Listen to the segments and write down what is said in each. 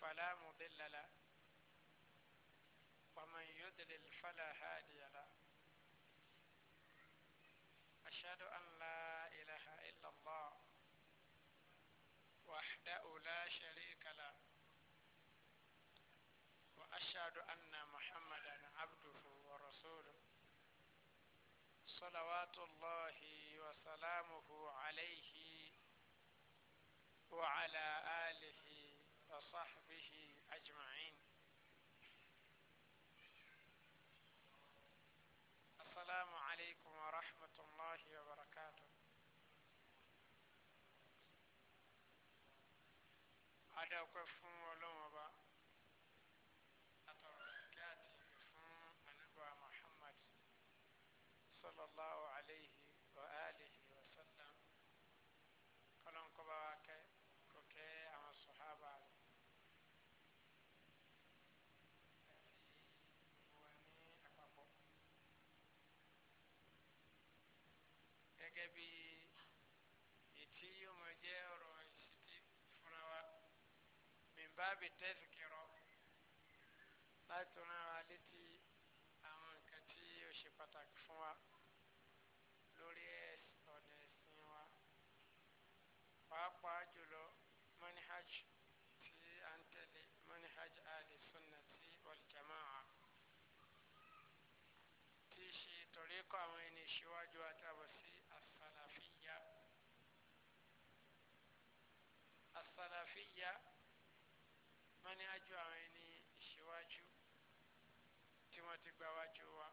فلا مضل له ومن يضلل فلا هادي له أشهد أن لا إله إلا الله وحده لا شريك له وأشهد أن محمدا عبده ورسوله صلوات الله وسلامه عليه وعلى آله صاحب gẹ́gẹ́ bí ètí yóò mọ jẹ́ ọ̀rọ̀ ìṣítí fúnra wa mìbá bi tẹ́sí kẹrọ láti rán wa létí àwọn nǹkan tí ó ṣe pàtàkì fún wa lórí ọ̀nà ẹ̀sìn wa pàápàá jùlọ manhaj tí a ń tẹ̀lé manhaj ali sunnati wal jamaa tí ṣe tọ̀ríkọ̀ àwọn gbà wájú wa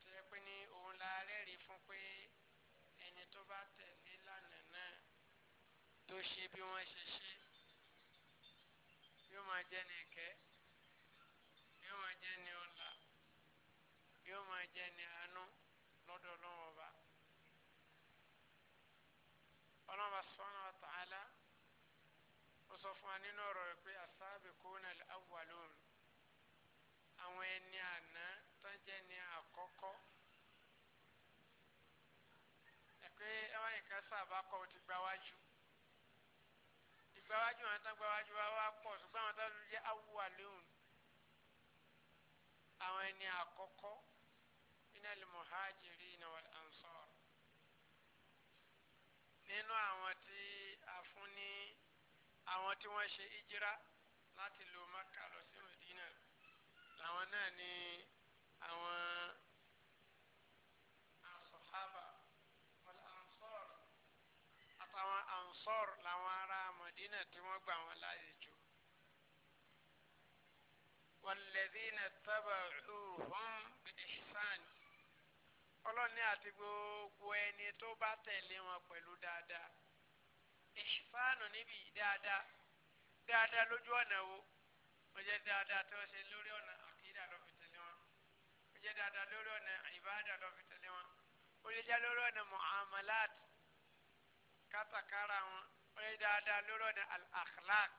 tó yẹ pé ní òun la rẹ́rìí fún pé ẹni tó bá tẹ̀lé lánàá náà tó ṣe bí wọ́n ṣe ṣe yóò máa jẹ́ ní ìkẹ́ yóò máa jẹ́ ní ọlá yóò máa jẹ́ ní ara. ẹni àná tó jẹ́ ní àkọ́kọ́ ẹ̀pẹ́ ẹwà nìkan sábà kọ́ ọ ti gbáwájú ìgbáwájú àwọn tó ń gbáwájú wa wá pọ̀ ṣùgbọ́n àwọn tó ń jẹ́ awúwà àléhùn àwọn ẹni àkọ́kọ́ iná lè mọ̀hájìrì náà wal ansar nínú àwọn tí a fún ní àwọn tí wọ́n ṣe ìjírá láti lo Mẹ́kà lọ sí Mẹ́kà àwọn náà ni àwọn asọ̀hábà ansọ́r àtàwọn ansọ́r làwọn ará Madina tí wọ́n gbà wọn lálejò. والذين اتبعوهم بإحسان ọlọ́ni àti gbogbo ẹni tó bá tẹ̀lé wọn pẹ̀lú dáadáa ìṣìfáànù níbi dáadáa dáadáa lójú ọ̀nà wo wọ́n jẹ́ dáadáa tó ṣe lórí ọ̀nà jẹ́ dáadáa lórí ọ̀nà ìbáàdà lọ fi tẹ̀lé wọn ó lè jẹ́ lórí ọ̀nà muamalat kátàkárà wọn ó lè dáadáa lórí ọ̀nà al-akhlaq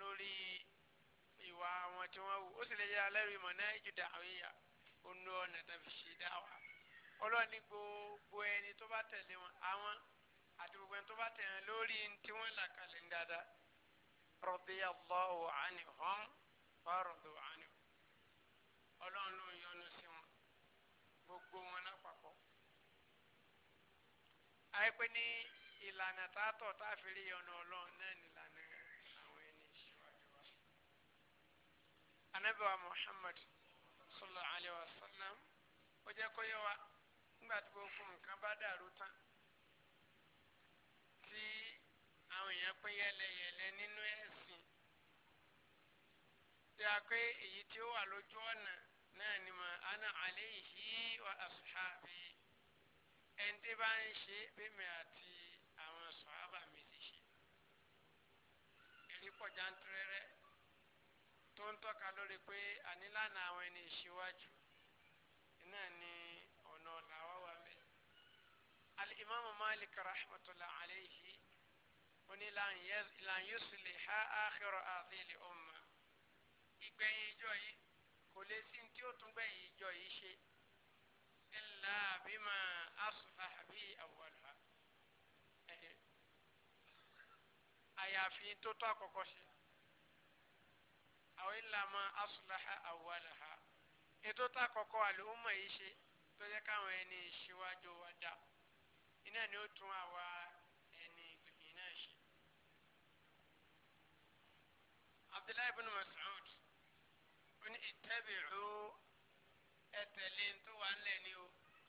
lórí ìwà wọn tí wọ́n wù ó sì lè jẹ́ alẹ́rìí mọ̀ náà ìjù dàwíyà ó ń lo ọ̀nà tàbí gbogbo ẹni tó bá tẹ̀lé wọn àwọn àti gbogbo ẹni tó bá tẹ̀lé lórí tí wọ́n là kalẹ̀ ń dáadáa radiyallahu anhum wa radu ọlọ́run ló ń yọ́nú sí wọn gbogbo wọn lápapọ̀. àìpé ní ìlànà tààtọ̀ táàfìrí yọ́nú ọlọ́run náà nìlànà àwọn ẹni ìṣíwájú wa. anábẹ́wà Muhammad sallallahu alayhi wa sallam ó jẹ́ kó yé wa nígbà tí gbogbo nǹkan bá dàrú tán tí àwọn èèyàn pín yẹlẹyẹlẹ nínú ẹ̀sìn tí a pé èyí tí ó wà lójú ọ̀nà náà ni mà ana alayhi wa ashabi ẹni tí bá ń ṣe bẹ́mi àti àwọn sọ̀hábà mi ti ṣe èyí pọ̀ jantirẹrẹ tó ń tọ́ka lórí pé ànílànà àwọn ẹni ìṣíwájú náà ni ọ̀nà làwọn wà mẹ́. al malik rahmatulah alayhi oni lan yusliha akhira adhili umma ìgbẹ̀yìn ìjọ yìí kò lè sí tí ó tún gbẹ̀yìn ìjọ yìí ṣe illa bima asbaha bihi awwalaha àyàfi tó tó àkọ́kọ́ ṣe àwọn illa ma asbaha awwalaha ètò tó àkọ́kọ́ àlùmọ̀ yìí ṣe tó yẹ káwọn ẹni ìṣíwájú wa dá iná ni ó tún àwa ẹni ìgbìyànjú náà ṣe. Abdullahi ibn Mas'ud ní ìtẹ́bìrú ẹ̀tẹ̀lé tó wà ni o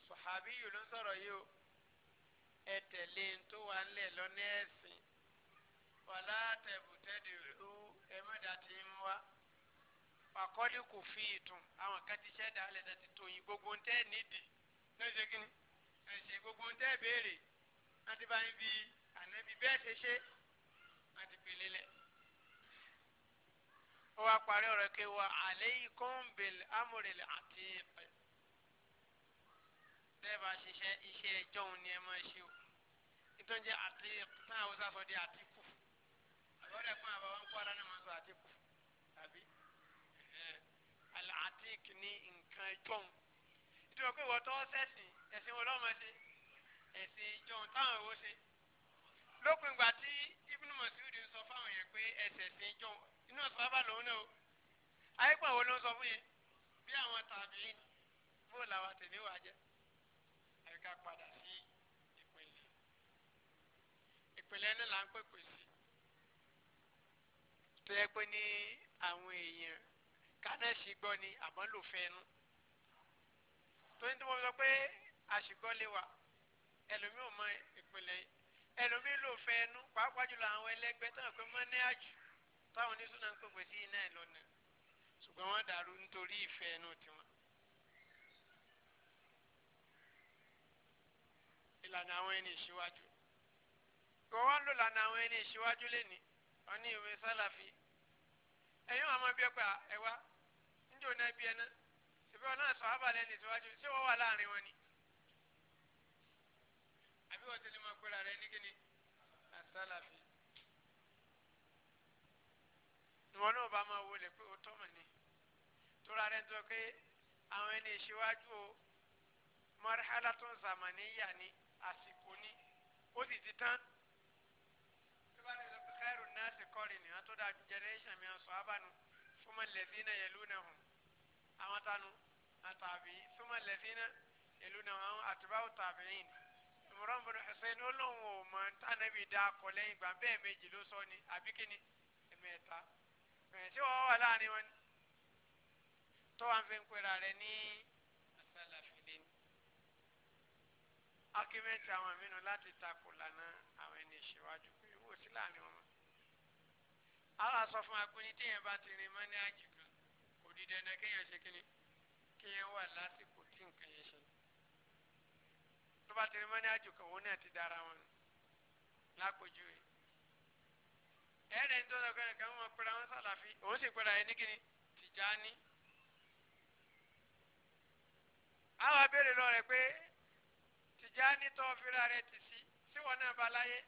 sọ̀hábí yìí ló yìí o ẹ̀tẹ̀lé tó wà ńlẹ̀ lọ́nà ẹ̀sìn wàlá tẹ̀bùtẹ́dìrú ẹ̀mẹ́dà ti ń wá àkọ́lé kò fi ìtùn àwọn kan ti ṣẹ́ dàálẹ̀ láti tó yin gbogbo ń tẹ́ nídìí ní ṣe kí ni ẹ̀sìn gbogbo ń tẹ́ béèrè láti bá ń bi ànábi bẹ́ẹ̀ ṣe ṣe láti fi ó wá parí ọ̀rọ̀ kí wọ́n alaykum bil amril atiq bẹ́ẹ̀ bá ṣiṣẹ́ iṣẹ́ ẹjọ́ òun ni ẹ máa ṣe o nítorí jẹ́ atiq náà Haúsá sọ di àtìkù àbọ̀dọ̀ ẹ̀gbọ́n àbáwá ń kó ara náà máa sọ àtìkù tàbí al-atiq ní nǹkan ẹjọ́ òun nítorí pé ìwọ tó sẹ́sìn ẹ̀sìn wọn lọ́mọ ṣe ẹ̀sìn ẹjọ́ òun táwọn èwo ṣe lópin ìgbà tí Ibn Mas'ud sọ fáwọn yẹn pé ẹ̀sẹ̀ ẹ̀sìn ẹjọ́ òun inú ọ̀sán bá lòun náà o ayépọ̀ wo ló ń sọ fún yìí bí àwọn tàbí bó làwọn tèmi wà jẹ́ àyíká padà sí ìpínlẹ̀ ìpínlẹ̀ náà là ń pèpè sí tó yẹ pé ní àwọn èèyàn kánẹ́sì gbọ́ ni àmọ́ lò fẹ́ nu tóyún tí mo sọ pé àṣìgbọ́ lè wà ẹlòmíì ò mọ ìpínlẹ̀ yìí ẹlòmíì lò fẹ́ nu pàápàá jùlọ àwọn ẹlẹ́gbẹ́ tó ń pè mọ́ ní àjù táwọn onísúná ń pèpè sí iná ẹ̀ lọ́nà ṣùgbọ́n wọ́n dàrú nítorí ìfẹ́ ẹnu tiwọn. ìlànà àwọn ẹni ìṣíwájú wọ́n wá lò lànà àwọn ẹni ìṣíwájú lẹ́ni wọ́n ní ìwé sálàfí ẹ̀yin àwọn ọmọ ẹbí ọgbà ẹ̀wá níjẹ́ òun ẹbí ẹ̀ná ṣèbí wọn náà sọ ábàlẹ̀ ẹni ìṣíwájú ṣé wọ́n wà láàrin wọn ni àbí wọ́n ti lè máa pera rẹ ní kíni àsálàfí ìwọ náà bá máa wọlé pé o tọ́mọ̀ ni tóra rẹ̀ ń sọ pé àwọn ẹni ìṣíwájú o mọ́rẹ́hálà tó ń sàmàníyà ni àsìkò ni ó sì ti tán tó bá ti sọ pé káírò náà ti kọ́rin ni wọ́n tó dáa jẹnẹrẹ́sàn mi sọ abánu súnmọ́ lẹ́sìnà yẹlú náà hùn àwọn tanu àtàbí súnmọ́ lẹ́sìnà yẹlú náà hùn àwọn àtibáwò tàbí yìí ni ìmọ̀ràn bọ̀dọ̀ ẹ̀sẹ̀ ni ó ò mọ̀ ntànàbí dáa kọ́ lẹ́yìn gbà bẹ́ẹ̀ méjì ló sọ ni àbí ẹ̀mẹ́ta ẹ̀ ṣé wọ́n wà láàrin wọn ni tó wà ń fi ń pera rẹ̀ ní asálàfílẹ̀ ni ákímẹ́tì àwọn mìíràn láti takò lànà àwọn ẹni ìṣèwájú pé wò sí láàrin fún wa pé ní bá ti rin mọ́ní àjì kan kò di dandan kéèyàn ṣe kíni kéèyàn wà lásìkò tí nǹkan yẹn ṣe tó bá ti rin mọ́ní àjò kan òun náà ti dára wọn lápòjú rẹ̀ ẹ̀rẹ̀ ń tọ́jú ọkùnrin kan wọn pẹ̀lú àwọn sàlàfí òun sì pẹ̀lú àyẹ̀ nígìní Tìjání. àwọn abéèrè lọ rẹ pé Tìjání tó fira rẹ ti sí síwọ́n náà bá láyé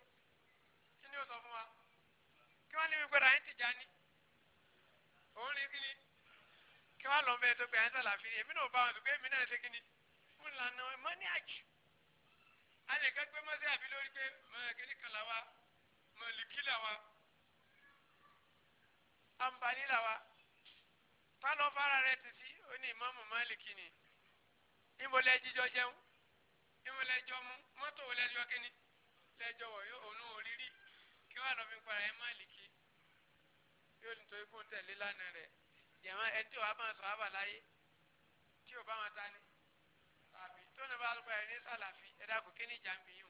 kí ni ó sọ fún wa kí wọ́n ní mi pẹ̀lú àyẹ̀ Tìjání òun ní kíni kí wọ́n lọ mẹ́rin tó pé àyẹ̀ sàlàfí èmi náà bá wọn tó pé èmi náà ṣe kíni fún ìlànà mọ́ní àjù alẹ́ kẹ́gbẹ́ mọ́sẹ́ àbí lórí pé mọ́ ẹ̀kẹ́ ní kàlá wa mọ́ ẹ̀lì kílà wa àǹfààní làwa ta ló fara rẹ̀ ti sí ó ní ìmáàmù Málìkì ni níbo lẹ jíjọ jẹun níbo lẹ jọ mu mọ́tò wo lẹ jọ kíni lẹ jọ wọ̀ yóò òun òrírí kí wàá lọ fi para ẹ Málìkì yóò nítorí kó tẹ̀lé lánàá rẹ̀ jẹ̀mọ́ ẹ tí bá sọ àbà tí ò bá máa ta ni tàbí tó ní bá gba ẹ ní sàlàfí ẹ dákun kí ni ìjà ń o.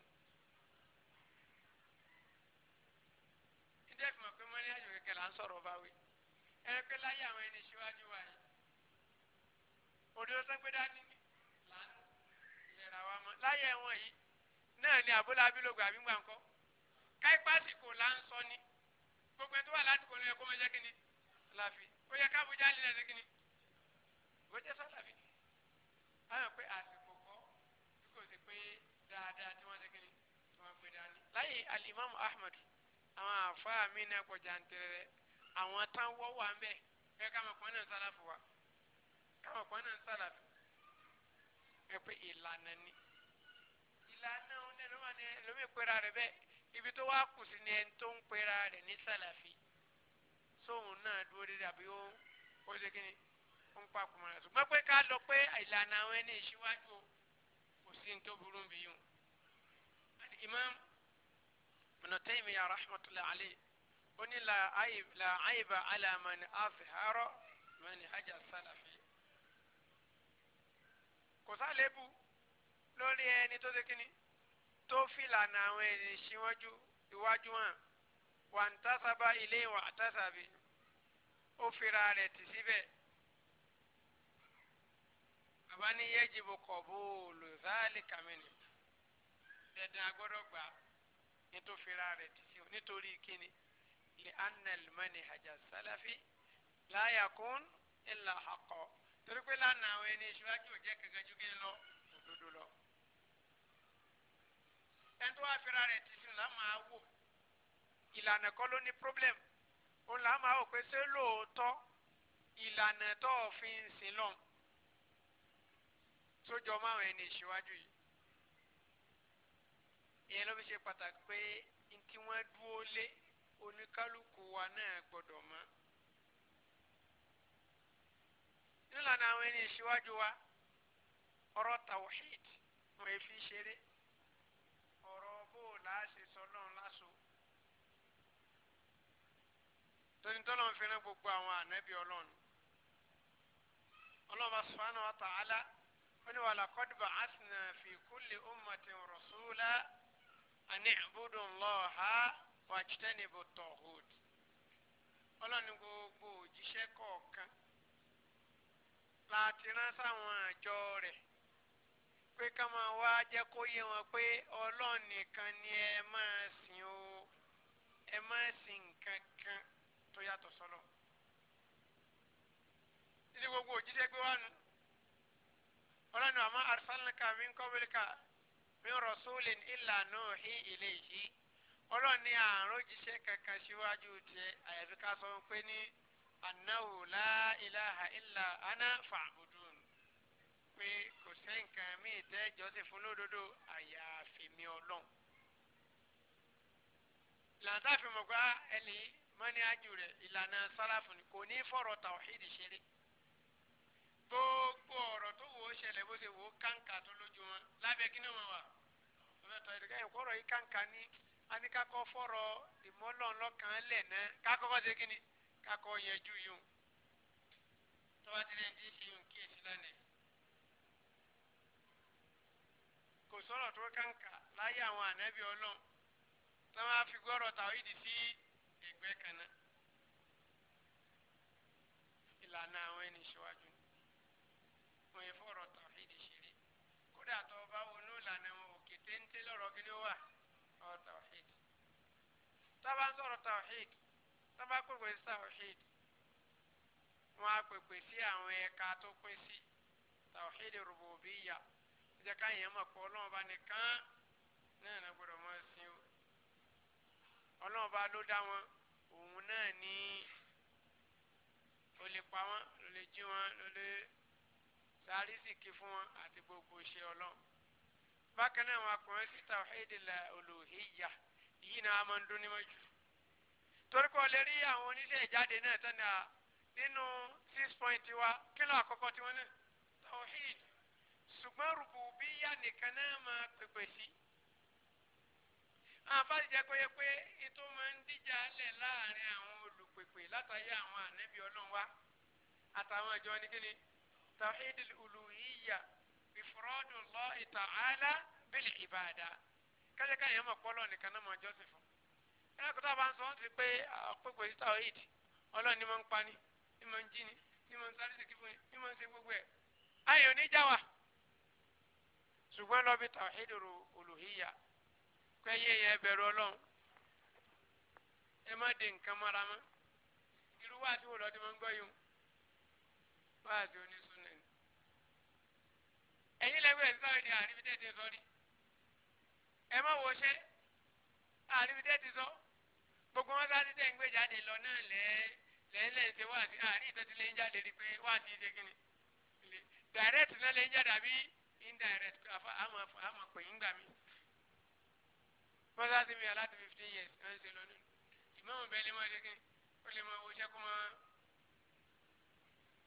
títí dẹ́kun mọ̀ pé mọ́ni àjò kẹ̀kẹ́ là ń sọ̀rọ̀ bá wí ẹni pé láyé àwọn ẹni síwájú wa yìí òdodo tó gbé dání ni là ń lera wa mọ́ láyé wọn yìí náà ni àbúlá abilógo àbí gbàǹkọ́ káípàsì kò là ń sọ ni gbogbo ẹni tó wà ládùúgbò ló yẹ kó mọ jẹ́ kínní láfi ó yẹ káàbùjá lílẹ̀ ní kínní bó jẹ́ sọ́tàbí báyọ̀ pé àsìkò kọ́ bí kò sí pé dáadáa tí wọ́n ṣe kínní tí wọ́n gbé dání láyé alimami ahmadu àwọn àfáà mi náà pọ̀ jàǹtẹ̀rẹ̀ àwọn tán wọ́ wà ń bẹ̀ ẹ ká mọ̀ pọ́n náà sálàfù wa ká mọ̀ pọ́n náà sálàfù ẹ pé ìlànà ni ìlànà òun náà ló wà ní lómi pera rẹ bẹ́ẹ̀ ibi tó wá kù sí ni ẹni tó ń pera rẹ ní sálàfì sóun náà dúró dédé àbí ó ó ṣe kí ni ó ń papò mọ́ra ṣùgbọ́n pé ká lọ pé ìlànà àwọn ẹni ìṣíwájú kò sí ní tó burú bí yùn. imam ibn Taymiyyah rahmatullahi alayhi ó ní la ayib la ayiba ala man azharo manhaj as-salafi kò sálébù lórí ẹni tó ṣe kíni tó fi lànà àwọn ẹni síwájú iwájú hàn wà ń tásàbá ilé wà á ó fira rẹ̀ tì síbẹ̀ bàbá ní yajibu qabulu zalika minhu dẹ̀dẹ̀ agbọ́dọ̀ gbà á nítorí fira rẹ̀ ti sí nítorí kíni lè anal mani hajj salafi láyà kún ilà àkọ́ torí pé lánàá àwọn ẹni ìṣúwájú ò jẹ́ kankan ju kí n lọ òdodo lọ. ẹni tó wá fira rẹ̀ ti sí la máa wò ìlànà kọ́ ló ní problem òun là máa wò pé ṣé lóòótọ́ ìlànà tó fi ń sin lọ́n tó jọ máwọn yìí ìyẹn ló fi ṣe pàtàkì pé ntí wọ́n dúró lé oníkálukú wa náà gbọ́dọ̀ mọ̀. nílànà àwọn ẹni ìṣíwájú wa ọ̀rọ̀ tawhid wọ́n fi ṣeré ọ̀rọ̀ bó láṣẹ sọlọ́run láṣọ. tonitọ́lọ́ ń fẹ́ràn gbogbo àwọn ànábì ọlọ́run ọlọ́ba subhanahu wa ta'ala wọ́n ní wàlá qad ba'athna fi kulli ummatin rasula. ani abudu lọ́ha wàjítẹ́nìbù tọ̀hùd ọlọ́ni gbogbo òjíṣẹ́ kọ̀ọ̀kan láti rán sáwọn àjọ rẹ̀ pé ká máa wá jẹ́ kó yé wọn pé ọlọ́run nìkan ni ẹ máa sìn o ẹ máa sìn nǹkan tó yàtọ̀ sọ́lọ̀ títí gbogbo òjíṣẹ́ gbé wá nu ọlọ́run àmọ́ arsalnaka min qablika. min rasulin illa nuhi ilayhi ọlọ́run ní àrùn jíṣẹ́ kankan síwájú tiẹ̀ àyàfi ká sọ pé ní annahu la ilaha illa ana fa'budun pé kò sẹ́ǹkan míì tẹ́ jọ́sìn fún lódodo àyàfi mi ọlọ́run. ìlànà táàfin mọ̀gbá ẹni mọ́ni ájú rẹ̀ ìlànà sálàfù ni kò ní fọ̀rọ̀ tàwíìdì ṣeré gbogbo ọ̀rọ̀ tó wò ó ṣẹlẹ̀ bó ṣe wò ó kàǹkà tó lójú wọn lábẹ́ kí ni wọ́n wà lọ́tọ̀ ẹ̀dẹ̀kẹ́ ẹ̀kọ́ ọ̀rọ̀ yìí kàǹkà ní anikakọ fọ̀rọ̀ ìmọ̀lọ́nlọ́kàn lẹ̀ náà kakọ́kọ́ ṣe kí ni kakọ́ yẹjú yìí tọ́ba ti lè dín sí yìí kíyèsí lánàá kò sọ̀rọ̀ tó kàǹkà láyé àwọn ànábì ọlọ́run tí wọ́n á fi gbọ́rọ̀ tàwídì sí ẹgbẹ́ kan náà ìlànà àwọn ẹni ṣíwájú. kódà tó o bá wọnú ìlànà wọn òkè téńté lọ́rọ̀ kí ló wà ọ̀rọ̀ tawhid tọ́ba ń sọ̀rọ̀ tawhid tọ́ba pèpè sí tawhid wọ́n á pèpè sí àwọn ẹ̀ka tó pín sí tawhid rububiyya jẹ́ káyẹn mọ̀ pé ọlọ́run bá nìkan náà ní gbọ́dọ̀ mọ́ sí o ọlọ́run bá ló dá wọn òun náà ní ó pa wọn ló lè jí wọn ló lè sárísìkì fún wọn àti gbogbo iṣẹ́ ọlọ́run bákan náà wọn akọrin sí tawhidila olùhíyà yìí náà máa ń dún ní mọ́jú torí kọ́ lè rí àwọn oníṣẹ́ ìjáde náà tán náà nínú six point wa kílò àkọ́kọ́ tiwọn náà tawhid ṣùgbọ́n rùbùbíyà nìkan náà máa pèpè sí àbájáde jẹ́ pé pé ètò máa ń díjà lẹ̀ láàrin àwọn olùpèpè látàrí àwọn ànẹ́bí ọlọ́run wa àtàwọn ìjọ ní kíni. توحيد الألوهية بفراد الله تعالى بالعبادة كذا كان يوم قولون كان ما جوزف ẹ kó tó a bá ń sọ wọn ti pé àpòpò yìí tawhid Ọlọ́run ni mo ń pa ni ni mo ń jí ni ni mo ń sáré sí kíkún ni mo ń ṣe gbogbo ẹ ayò níjà wa ṣùgbọ́n lọ́bi tawhid olùhíyà pé yé yẹn bẹ̀rù Ọlọ́run ẹ má de nǹkan mọ́ra mọ́ irú wáàtí wo lọ́ọ́ ti máa ń gbọ́ yìí wáàtí oní ẹ̀yin lẹ́wọ́ ẹ̀ sọ̀rọ̀ ni àrífídẹ́ ti sọ ni ẹ má wo ṣe àrífídẹ́ ti sọ gbogbo wọn sáré tẹ̀ ń gbé jáde lọ náà lẹ́ẹ̀ lẹ́yìnlẹ́ ṣe wá sí àárín ìtọ́jú lè jáde rí pé wá sí ṣe kíni direct náà lè ń jáde àbí indirect àmọ́ àmọ́ pè ń gbà mí. mọ́sáàsì mi aláti fifteen years ló ń ṣe lọ́dún ìmọ̀ràn bẹ́ẹ̀ lè mọ̀ ṣe kíni ó lè mọ owó iṣẹ́ kó mọ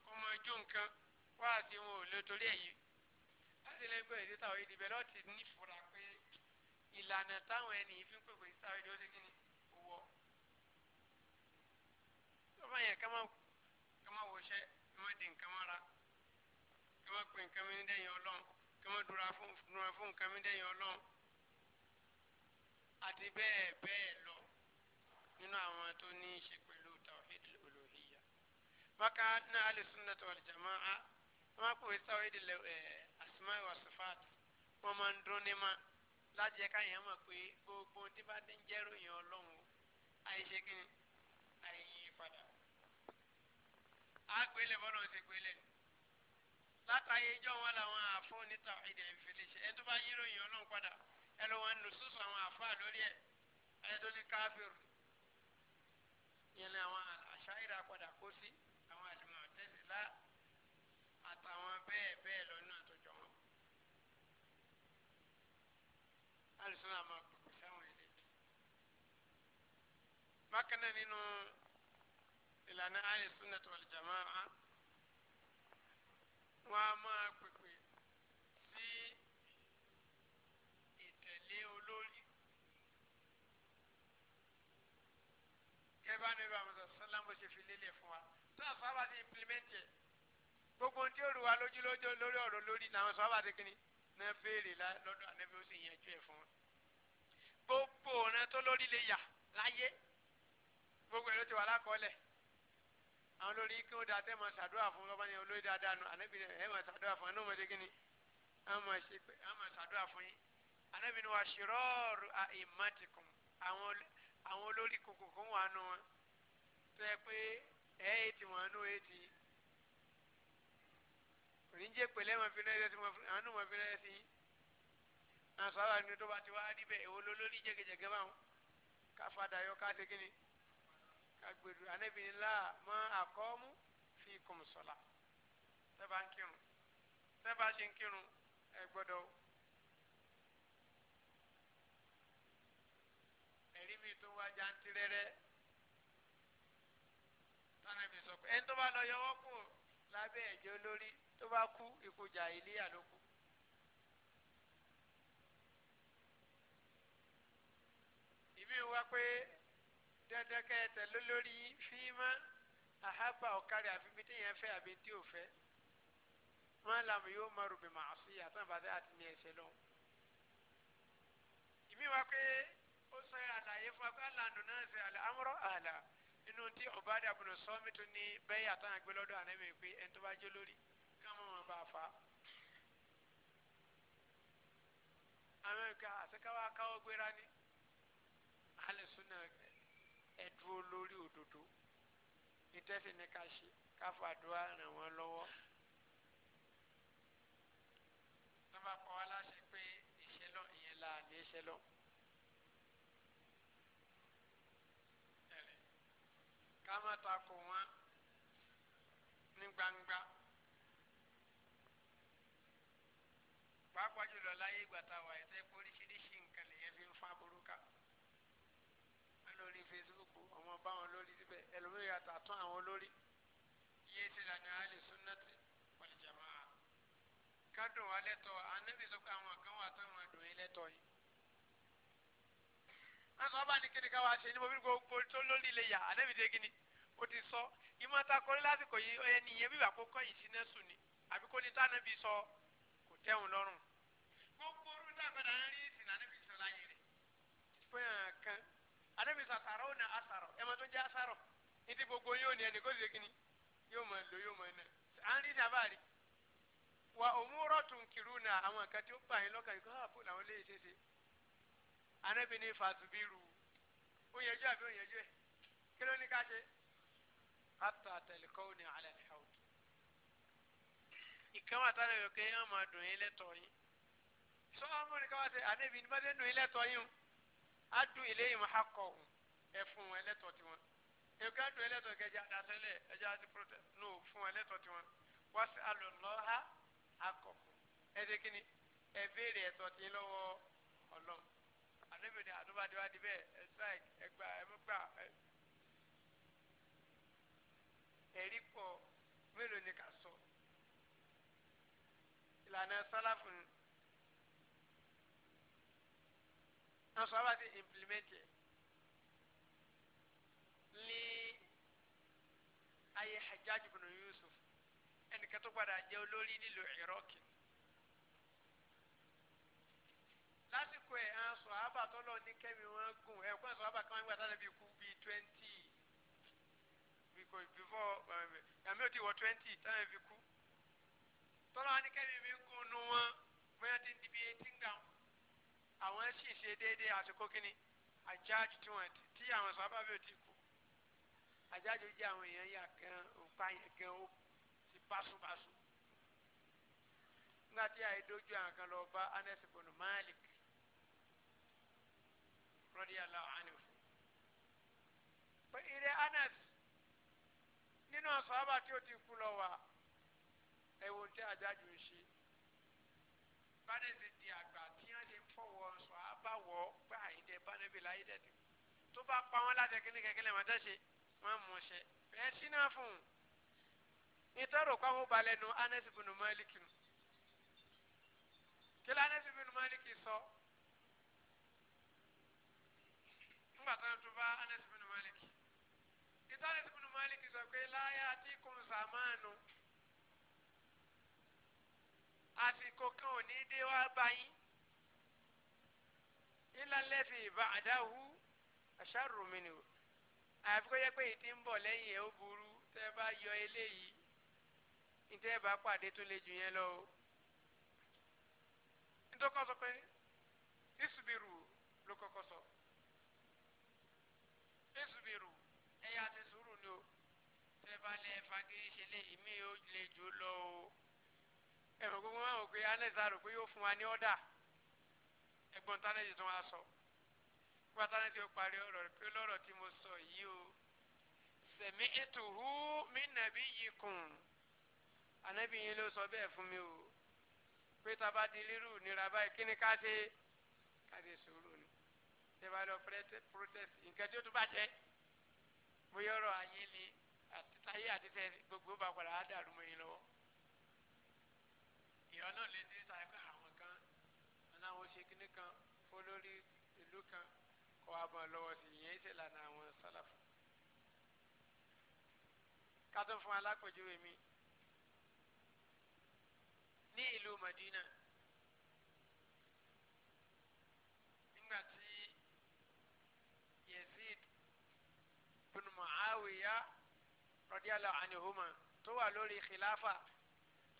kó mọ jó nǹkan wá sí wọn ò lè torí ẹ̀yìn sì lè pè sí tàwọn ìdìbẹ lọtì nífura pé ìlànà táwọn ẹni yìí fi ń pèpè sí tàwọn ó ṣe kí ni wọ. tó bá yẹn ká má ká má wọṣẹ ká má di nǹkan mọ́ra ká má pè nǹkan mi ní dẹ́yìn ọlọ́run ká má dúra fún dúra fún nǹkan mi dẹ́yìn ọlọ́run àti bẹ́ẹ̀ bẹ́ẹ̀ lọ nínú àwọn tó ní í ṣe pẹ̀lú tawhid al-uluhiyya. wákàtí náà al-sunnah wal-jamaa'ah wọ́n á pè sí tawhid al-uluhiyya. Eh, asma'i wa sifat wọ́n máa ń dún ní ma láti yẹ káyọ̀ mọ̀ pé gbogbo tí bá ti ń jẹ́rò yẹn ọlọ́run àìṣe kí ni àìyí padà. àgbélé bọ́lá ti gbélé látàyè ìjọ wọn làwọn àfọ́n ní tàwídà ìfẹ̀lẹ́sẹ̀ ẹ tó bá yírò yẹn ọlọ́run padà ẹ lọ wọn nù sùsù àwọn àfáà lórí ẹ ẹ tó ní káfíìrù yẹn ni àwọn àṣà ìrà padà kó sí àwọn àlùmọ̀ tẹ̀sílá àtàwọn bẹ́ẹ̀ àlùsọ́nà àmọ́ pèpè sáwọn ilé bákan náà nínú ìlànà àlùsọ́nà tó wal jamaa wọn a máa pèpè sí ìtẹ̀lé olórí kẹ́bá níbi àwọn sọ́lámù ṣe fi lélẹ̀ fún wa tá a sábà ti implement ẹ̀ gbogbo ohun tí ó rù wá lójú lórí ọ̀rọ̀ lórí làwọn sábà ti kíni náà béèrè lọ́dọ̀ ànábi ó sì yanjú ẹ̀ fún wa gbogbo ọ̀ràn tó lórí lè yà láyé gbogbo ẹ̀ ló ti wà lákọọ́lẹ̀ àwọn lórí kí wọ́n da tẹ́ máa ṣàdúrà fún bàbá yẹn olóyè dáadáa nù ànábìrin ẹ̀ máa ṣàdúrà fún ẹnu ọmọdé kínní àwọn máa ṣe pé àwọn máa ṣàdúrà fún yín ṣìrọ́ọ̀rù àìmọ́tìkùn àwọn olórí kòkòkò wà nù wọn tó yẹ pé ẹ̀ ẹ̀ ti nù ẹ̀ ti kò ní jẹ́ pẹ̀lẹ́ mọ̀ fi náà ẹ̀ àṣàrà ni tó bá ti wá níbẹ̀ èwo ló lórí jẹ́gẹ́jẹ́gẹ́ báwọn ká fadà yọ ká ṣe kíni ká gbèrú anábìnrinlá mọ àkọ́mú fi kùn sọ̀la tẹ́ bá ń kírun tẹ́ bá ṣe ń kírun ẹ gbọ́dọ̀ ẹ̀rí mi tó wá jantirẹ́rẹ́ tánà mi sọ pé ẹni tó bá lọ yọwọ́ kù lábẹ́ ẹ̀jẹ̀ olórí tó bá kú ikú jà ilé àlòkù. wá pé dandan kẹ́ ẹ tẹ̀lé lórí fíìmọ́ àhábà ọ̀kárí àfi bí téèyàn fẹ́ àbí tí ò fẹ́ wọn làm yóò máa rògbè màá sí àtàǹbàdà àti ní ẹsẹ̀ lọ. ìmí wá pé ó sọ àlàyé fún wa pé àlàndò náà ṣe àlà amúrọ̀ àlà nínú tí ọ̀bádà àbùnà sọ́mi tó ní bẹ́ẹ̀ àtàǹgbẹ́ lọ́dọ̀ ànẹ́mẹ́ pé ẹni tó bá jẹ́ lórí káwọn ọmọ bá fa. àwọn ìka àti káwá káwọ́ gbéra ni alẹ́sùnà ẹ̀dúró lórí òdodo nítẹ́sí ni ká ṣe ká fàdúrà ràn wọ́n lọ́wọ́. lọ́ba kọ́ wa láṣẹ pé ìṣẹ́lọ́ ìyẹn là ní ìṣẹ́lọ́. ká má takò wọn ní gbangba. pàápàá jù ká dùn wá lẹ́tọ̀ anábì sọ pé àwọn kan wà táwọn dùn yín lẹ́tọ̀ yìí. wọ́n sọ bá ní kíni ká wá ṣe ní mo bí gbogbo tó lórí ilé yà anábì dé kíni ó ti sọ ìmọ̀ ta kọ́lé lásìkò yìí ọ̀yẹ́ nìyẹn bí wàá kó kọ́ yìí sínú sùn ni àbí kó ní tánàbì sọ kò tẹ́hùn lọ́rùn. gbogbo orú dábàdà ń rí ìsìn anábì sọ láyé rẹ̀. fúnyàn kan anábì sọ àsàrọ̀ ó na àsàrọ̀ ẹ̀ mọ̀ tó jẹ́ àsàrọ̀ ní ti gbogbo yóò ní ẹnì kó sì kíni yóò mọ̀ lò yóò mọ̀ ẹ̀ náà à ń wa òmùrọ̀ tún kìrú na àwọn nǹkan tí ó gbà yín lọ́kàn yìí kó àpò làwọn lè ṣe ṣe anabi ní fàtúbírù ó yẹjú àbí ó yẹjú ẹ kí ló ní ká ṣe hàtà àtẹlẹkọ́ ní alẹ́ àwùjọ. ìkànnì àtàlẹ́ yóò kẹ́ ẹ̀ máa dùn yín lẹ́tọ̀ọ́ yín sọ ọmọ ní ká wá ṣe anabi ní bàtẹ́ dùn yín lẹ́tọ̀ọ́ yín á dùn ilé yìí máa kọ̀ ọ̀hún ẹ̀ fún wọn lẹ́tọ̀ọ́ tiwọn èkó dùn yín lẹ́tọ̀ọ́ kẹjá dasẹ́lẹ̀ ẹjá ti protest no fún wọn lẹ́tọ̀ọ́ tiwọn wá sí alọ́ lọ́ha akọ ẹsẹ kini ẹ béèrè ẹ̀tọ́ ti lọ́wọ́ Ọlọ́run àdébẹ ni àdúbàdé wa di bẹ́ẹ̀ ẹ strike ẹ gbà ẹ mú gbà ẹ ẹrí pọ mélòó ni ká sọ ìlànà sálàfù ni wọn sọ wá sí implement yẹ ní ayé Hajjaj bin Yusuf ẹnìkan tó padà jẹ́ olórí nílùú Iraq lásìkò ẹ̀ hàn sọ àbá tó lọ ní kẹ́mi wọn gùn ẹ̀ kọ́ sọ àbá kan gbà tálẹ̀ bí kú bíi twenty because before ẹ̀mí ò ti wọ twenty tálẹ̀ bí kú tọ́lọ́ wọn ní kẹ́mi mi gùn nu wọn bóyá ti ń di bíi eighteen down àwọn sì ṣe déédéé àsìkò kínní àjáàjì tí wọ́n ti tí àwọn sọ àbá bí ò ti kú àjáàjì ó jẹ́ àwọn èèyàn yà gan òpá yẹn gan ó kú báṣubáṣu nígbà tí àìdójú àwọn kan lọ bá Anas ibn Malik radiyallahu anhu pé ìrẹ Anas nínú àsọ̀hábà tí ó ti kú lọ wà ẹ̀wò tí àjájú ń ṣe bánẹ́sì di àgbà tí wọ́n ti ń fọwọ́ sọ̀hábà wọ̀ pé àyíndẹ bánẹ́bí láyé dẹ̀ tó bá pa wọ́n láti kíní kẹ́kẹ́ lẹ́mọ̀tẹ́sẹ̀ wọ́n mú ṣe bẹ́ẹ̀ sí náà un ìtọ́rọ̀ kó àwọn balẹ̀ nu Anas ibn Malik nù kí ló Anas ibn Malik sọ ńgbà tó ń tún bá Anas ibn Malik ìtọ́ Anas ibn Malik sọ pé láyé àti kùnsàmánu àsìkò kan ò ní dé wá báyìí ìlànà fi ìbá àdáhù àṣàrò mi nìyó àyàfi kó yẹ pé ìdí ń o lẹ́yìn ẹ̀ ó burú tẹ́ bá yọ eléyìí ntẹ́ bá pàdé tó le jù yẹn lọ o ntọ́kọ́ sọ pé isubiru ló kọ́kọ́ sọ isubiru ẹ̀yà ti sùúrù ni o tẹ́ bá lẹ́ fagéṣe lé ìmí yóò le jù lọ o ẹ̀rọ gbogbo máa ń wò pé anẹ́sà rò pé yóò fún wa ní ọ́dà ẹ̀gbọ́n tánẹ́sì tó wá sọ wípé tánẹ́sì ó parí ọ̀rọ̀ pé lọ́rọ̀ tí mo sọ yìí o sẹ̀mí ètò hu mi nàbí yìí kùn anabi yín ló sọ bẹ́ẹ̀ fún mi o pé taba di rírù nira báyìí kí ni ká ṣe ká ṣe sùúrù ni tẹ́bà lọ protest nǹkan tí ó tún bàjẹ́ bóyá ọ̀rọ̀ ayé le àtàyé àtẹ̀tẹ̀ gbogbo bá padà á dàrú mọ́ yín lọ́wọ́ ìyá náà lè dé sáré pé àwọn kan aláwọ̀ ṣe kíní kan fọlórí ìlú kan kọ́ abọ́ lọ́wọ́ sí ìyẹn ìṣẹ̀lẹ̀ àwọn sálàfù ká tó fún alápèjúwe mi ní ìlú Madina nígbà tí Yazid bin Muawiya radiyallahu anhuma tó wà lórí khilafa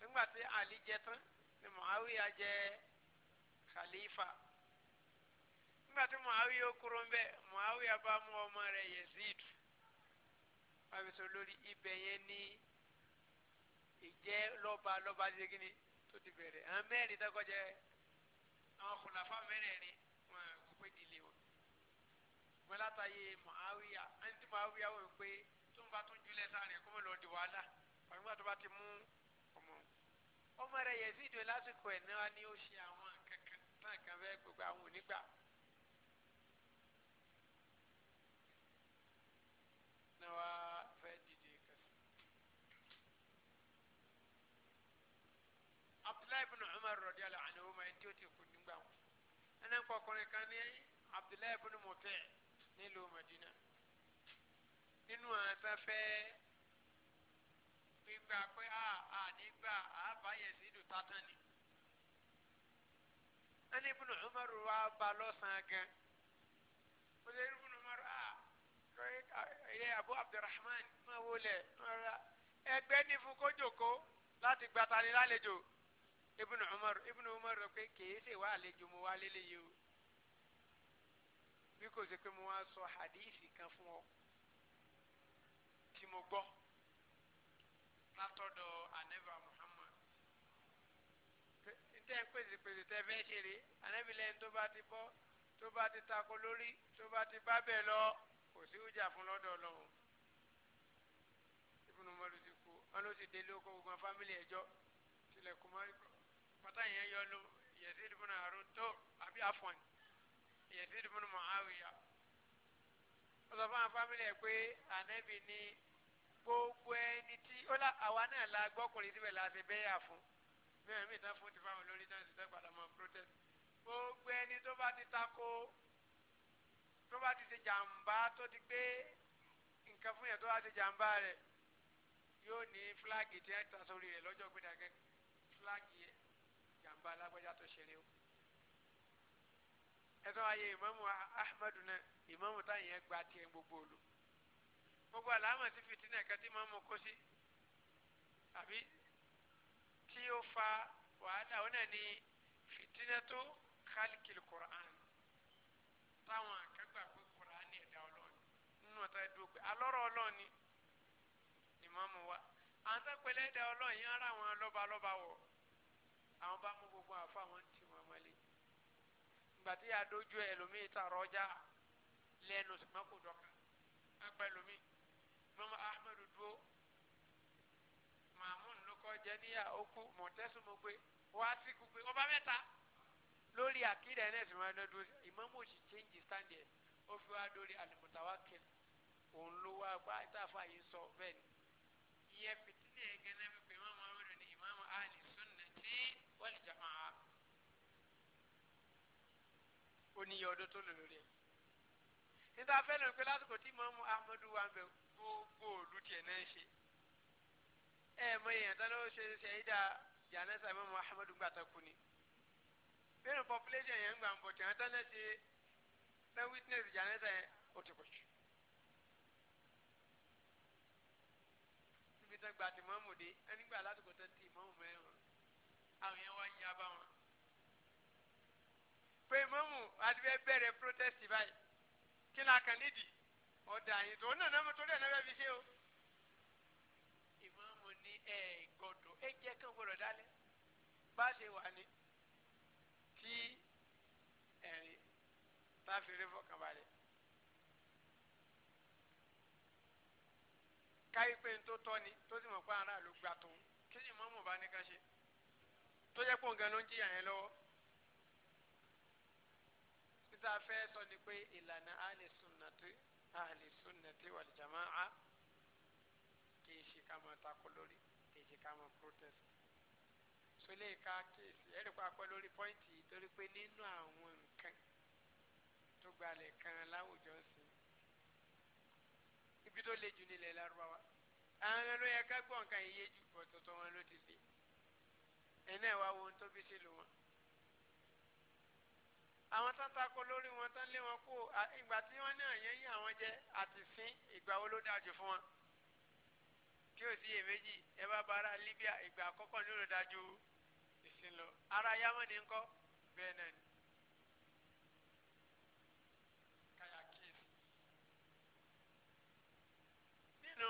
nígbà tí Ali jẹ tán ni Muawiya jẹ khalifa nígbà tí Muawiya kúrò ń bẹ Muawiya bá mú ọmọ rẹ̀ Yazid wàá fi sọ lórí ibẹ̀ yẹn ní ìjẹ́ lọ́ba lọ́ba ṣe kí tó ti bẹ̀rẹ̀ àwọn mẹ́rin tẹ́kọ̀jẹ́ àwọn kùnàfà mẹ́rẹ̀ẹ̀rin wọn kò pé di ilé wọn. wọn látàyè Muawiya ẹni tí Muawiya wọ̀ pé tó ń bá tún júlẹ̀ sáré kó mọ̀ lọ́ọ́ di wàhálà àwọn ìgbà tó bá ti mú ọmọ ọmọ rẹ̀ Yazid lásìkò ẹ̀ náà ni ó ṣe àwọn kankan náà kan fẹ́ gbogbo àwọn onígbà. abdullahi ibn umar radiyallahu anhuma ẹni tí ó ti kú nígbà wọn ẹni ń kọkùnrin kan ní abdullahi ibn mutẹ nílùú madina nínú àtàfẹ́ gbígbà pé a a nígbà àbáyẹsí ìlú tátán ni ẹni ibn umar wa ba lọ́sàn-án gan ó lè rí ibn umar a ẹyẹ abu abdulrahman máa wọlé ẹgbẹ́ ní fún kó láti gbàtàlí ibùnú umar ibùnú umar rẹ pé kìí ṣe wá àlejò mo wá lélẹyìí o bí kò ṣe pé mo wá sọ hadithi kan fún ọ tí mo gbọ́ látọ̀dọ̀ anaba muhammad tẹ ń pèsè pèsè tẹ fẹ́ ṣe rè anabi lẹ́yìn tó bá ti bọ́ tó bá ti takò lórí tó bá ti bá bẹ́ẹ̀ lọ kò sí ìjà fún lọ́dọ̀ ọlọ́run ibùnú umar ti kú wọn ló sì délé oko gbogbo fámìlì ẹjọ́ tilẹ̀kùn mọ́ríkọ́ tán yẹn yọ lu Yazid ibn Harun tó àbí afọ̀n Yazid ibn Muawiya ó sọ fún àwọn fámìlì ẹ̀ pé ànábì ní gbogbo ẹni tí ó lá àwa náà la gbọ́kùnrin síbẹ̀ la ti bẹ́yà fún bẹ́ẹ̀ mi tán fún ti fáwọn olórí náà ti tẹ́ padà mọ́ protest gbogbo ẹni tó bá ti tako tó bá ti ṣe jàǹbá tó ti gbé nǹkan fún yẹn tó bá ti jàǹbá rẹ̀ yóò ní fúláàgì tí ẹ ta sórí rẹ̀ lọ́jọ́ gbẹdàgẹ fúláàgì yẹn bá alágbájá tó ṣeré o ẹtọ́ ayé ìmámù ahmadu náà ìmámù táyà yẹn gba tiẹ̀ gbogbo olú gbogbo àlámà tí fìtínà ẹ̀ka tí ìmámù kó sí àbí tí ó fa wàhálà ó náà ní fìtínà tó kálíkìlì kùrán táwọn akẹ́gbà pé kùrán ní ẹ̀dá ọlọ́ọ̀ni nínú ọ̀tá ẹ̀dúró pé alọ́rọ̀ ọlọ́ọ̀ni ìmámù wa àwọn tó pẹlẹ́ ẹ̀dá ọlọ́ọ̀ni ara wọn lọ́balọ́ba wọ̀ àwọn bá mú gbogbo àfa wọn ti wọn mọ́lẹ̀ ìgbà tí yàá dojú ẹ lómi ta rọjá lẹ́nu ṣùgbọ́n kò dọ̀ka apẹ lómi mọ́mọ́ ahmedu dúró mahmud lókọ́ jẹ́ níyà ó kú mọ̀tẹ́sùn mo gbé wá sí kú pé ọba mẹ́ta lórí àkídà ẹ̀ lẹ́sìn wọn lọ́dún ìmọ̀mù òsì change stand ẹ̀ ó fi wá lórí alimutawakil òun ló wá gbá ìtàfà yìí sọ bẹ́ẹ̀ ni ìyẹn fìtínà ẹ̀ gẹ́gẹ́ ó níye ọdún tó lò lórí ẹ̀ níta fẹ́ lò pé lásìkò tí mọ́mú ahmadu wa ń bẹ gbogbo òlu tiẹ̀ náà ń ṣe ẹ mọ èèyàn tán ló ṣe ṣe ìdá jàǹdà mọ́mú ahmadu gbà tán kú ni bẹ́ẹ̀ population yẹn ń gbà ń bọ̀ tí wọ́n tán náà ṣe náà witness jàǹdà yẹn ó ti pọ̀ jù. níbi tán gba tìmọ́mù dé ẹni gbà lásìkò tán tìmọ́mù mẹ́rin àwọn yẹn wá yí abá wọn pé mọ́mù àti bẹ́ẹ̀ bẹ̀rẹ̀ protest báyìí kí ni a kàn nídìí ọ̀dà yìí tó nà náà tó dẹ̀ náà bẹ́ẹ̀ fi ṣe o. ìmọ̀mù ní ẹ̀ gbọ́dọ̀ ẹ jẹ́ kí n gbọ́dọ̀ dálẹ̀ bá a ṣe wà ní tí ẹ̀rí tá a fi rí fọkànbalẹ̀. káyí pé n tó tọ́ ni tó sì mọ̀ pé aráàlú gbà tó kí ni bá ní ṣe tó jẹ́ pé òun ló ń jìyà yẹn lọ́wọ́ níta fẹ́ sọ ni pé ìlànà ahli sunnati ahli sunnati wal kì í ṣe ká máa takò lórí kì í ṣe ká máa protest so lè ka kéèsì ẹ̀rí papọ̀ lórí pọ́ìntì yìí torí pé nínú àwọn nǹkan tó gbalẹ̀ kan láwùjọ sí ibi tó le jù nílẹ̀ lárúbáwá àwọn ló yẹ ká gbọ́ yìí yé jù pọ̀ tuntun wọn ló ti le ẹ̀ náà wá wo ohun tó bí sí lu wọn àwọn tán takò lórí wọn tán lé wọn kú ìgbà tí wọn náà yẹn yí àwọn jẹ àti sín ìgbà wo ló dájú fún wọn tí ò sí iyèméjì ẹ bá ba ara Libya ìgbà àkọ́kọ́ ní olùdájú ìsìn lọ ara Yámánì ńkọ́ bẹ́ẹ̀ náà ni. nínú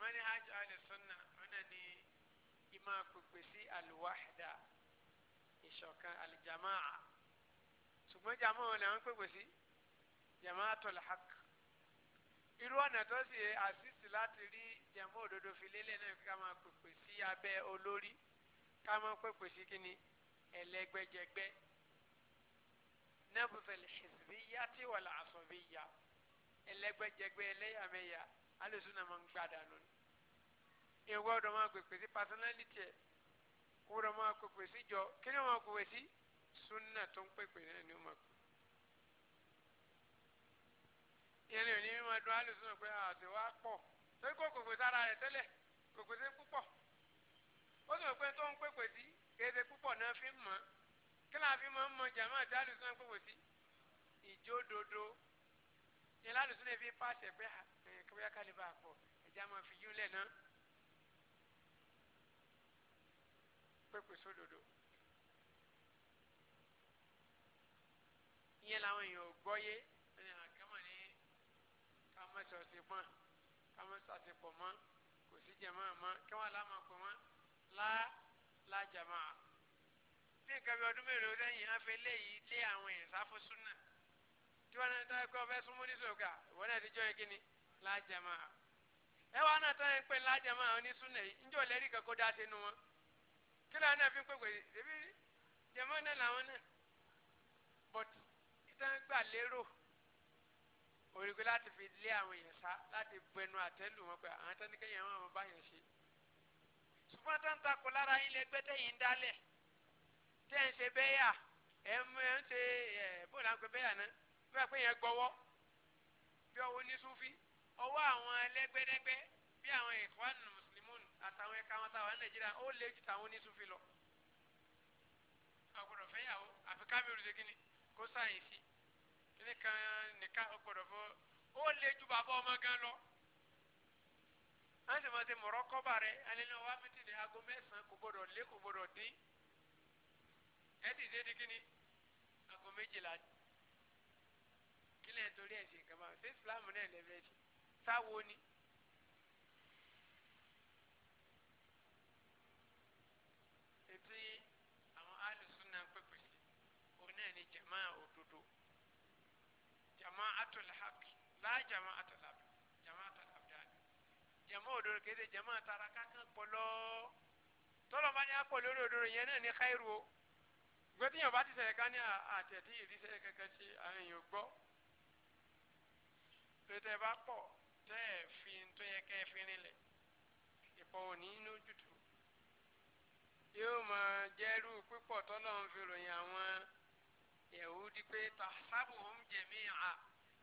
manhaj alisunna ọ̀nà ni ìmọ̀ àpèpè sí ìṣọ̀kan alìjàmáà ṣùgbọ́n jàmọ́ wọn làwọn pèpè sí jàmọ́ àtọ̀lẹ̀ hàk irú ọ̀nà tó sì àṣìṣì láti rí jàmọ́ òdodo fi lélẹ̀ náà ká máa pèpè sí abẹ́ olórí ká máa pèpè sí kíni ẹlẹ́gbẹ́jẹgbẹ́ nẹ́bùsẹ̀lẹ̀ hizbiyya tí wọ́n là asabiyya ẹlẹ́gbẹ́jẹgbẹ́ ẹlẹ́yàmẹ̀yà alẹ́sùn náà máa ń gbàdánù ni ìwọ́dọ̀ máa pèpè sí personality ẹ̀ kó dọ̀ máa pèpè sí jọ kí ni wọ́n máa pèpè sí súnà tó ń pèpè náà ni ó máa pè ìyẹn ní òní mímọ dún alùsùn pé àdéhùn á pọ̀ torí kò kòkò sára rẹ̀ tẹ́lẹ̀ kòkò sí púpọ̀ ó sì mọ̀ pé tó ń pèpè sí kéde púpọ̀ náà fi mọ̀ kí láà fi mọ̀ ń mọ jàmáà tí alùsùn pèpè sí ìjódodo ìyẹn lálùsùn lè fi pàṣẹ pé kébíyá kálíbà pọ̀ ẹ̀já máa fi yún lẹ̀ náà pèpè sódodo. So ìyẹn làwọn èèyàn ò gbọ́yé ẹni àkàmọ̀ ní kàmọ́sọ̀ọ́sì pọ̀ kàmọ́sọ̀ọ́sì pọ̀ mọ́ kò sí jẹ̀mọ́ àmọ́ kí wọ́n lá máa pọ̀ mọ́ lá lá jẹ̀mọ́ à. ní nǹkan bí ọdún mélòó lẹ́yìn afẹ́ léyìí lé àwọn èèyàn sáfù súnà tí wọ́n náà tán kọ́ fẹ́ súnmọ́ nísòkà ìwọ náà ti jọ́ yẹ kíni lá jẹ̀mọ́ à. ẹ wọ́n náà tán pé lá jẹ̀mọ́ àwọn onísúnà yìí ń jọ lẹ́rìí kankan dá sínú wọn kí lóun náà fi ń pè pè débi jẹ̀mọ́ náà làwọn náà but tán gbà lérò òrìgbé láti fi lé àwọn èèyàn sá láti bẹnu àtẹ́lù wọn pé àwọn tán ní kéèyàn wọn bá yàn ṣe ṣùgbọ́n tán takò lára yín lè gbé tẹ̀yìn dálẹ̀ tẹ́ ń ṣe bẹ́yà ẹ̀ ń ṣe ẹ̀ bóun là ń pe bẹ́yà náà bí wọ́n pè yẹn gbọ́wọ́ bí ọwọ́ ní súnfí ọwọ́ àwọn ẹlẹ́gbẹ́dẹ́gbẹ́ bí àwọn ìkọ́nù mùsùlùmùn àtàwọn ẹ̀ka wọn táwọn nàìjíríà ó lé ju tàwọn ní súnfí lọ. ọ̀gbọ̀dọ̀ fẹ́yàwó àfi kámẹ́rù ṣe kíni kó sáyẹ̀nsì kìíní kan nìka gbọdọ̀ fọ ó lé ju bàbá ọmọ gan lọ wọ́n sì máa ṣe mọ̀rọ́kọ́bà rẹ̀ alẹ́nu wa mítì ní aago mẹ́sàn-án kò gbọdọ̀ lé kò gbọdọ̀ dín ẹ dé ní kíní aago méjìlá kílẹ̀ nítorí ẹ̀ ṣe nǹkan Islam náà lẹ́fẹ̀ẹ́ ṣe ni. jama'atul haq la jama'atul haq jama'atul abdani jama òdodo kéde jama tara kankan kpọlọ tọlọ bá ní akpọ lórí òdodo yẹn náà ní khairu o gbẹdí yẹn o bá ti ṣẹlẹ̀ kan ní àtẹtí yìí ti ṣẹlẹ̀ kankan sí àwọn èèyàn gbọ́ tètè bá pọ̀ tẹ ẹ fi tó yẹ kẹ ẹ fi nílẹ̀ ìpọ òní lójútu yóò máa jẹrú pípọ̀ tọlọ ń fi ròyìn àwọn yahudi pé tahsabuhum jami'a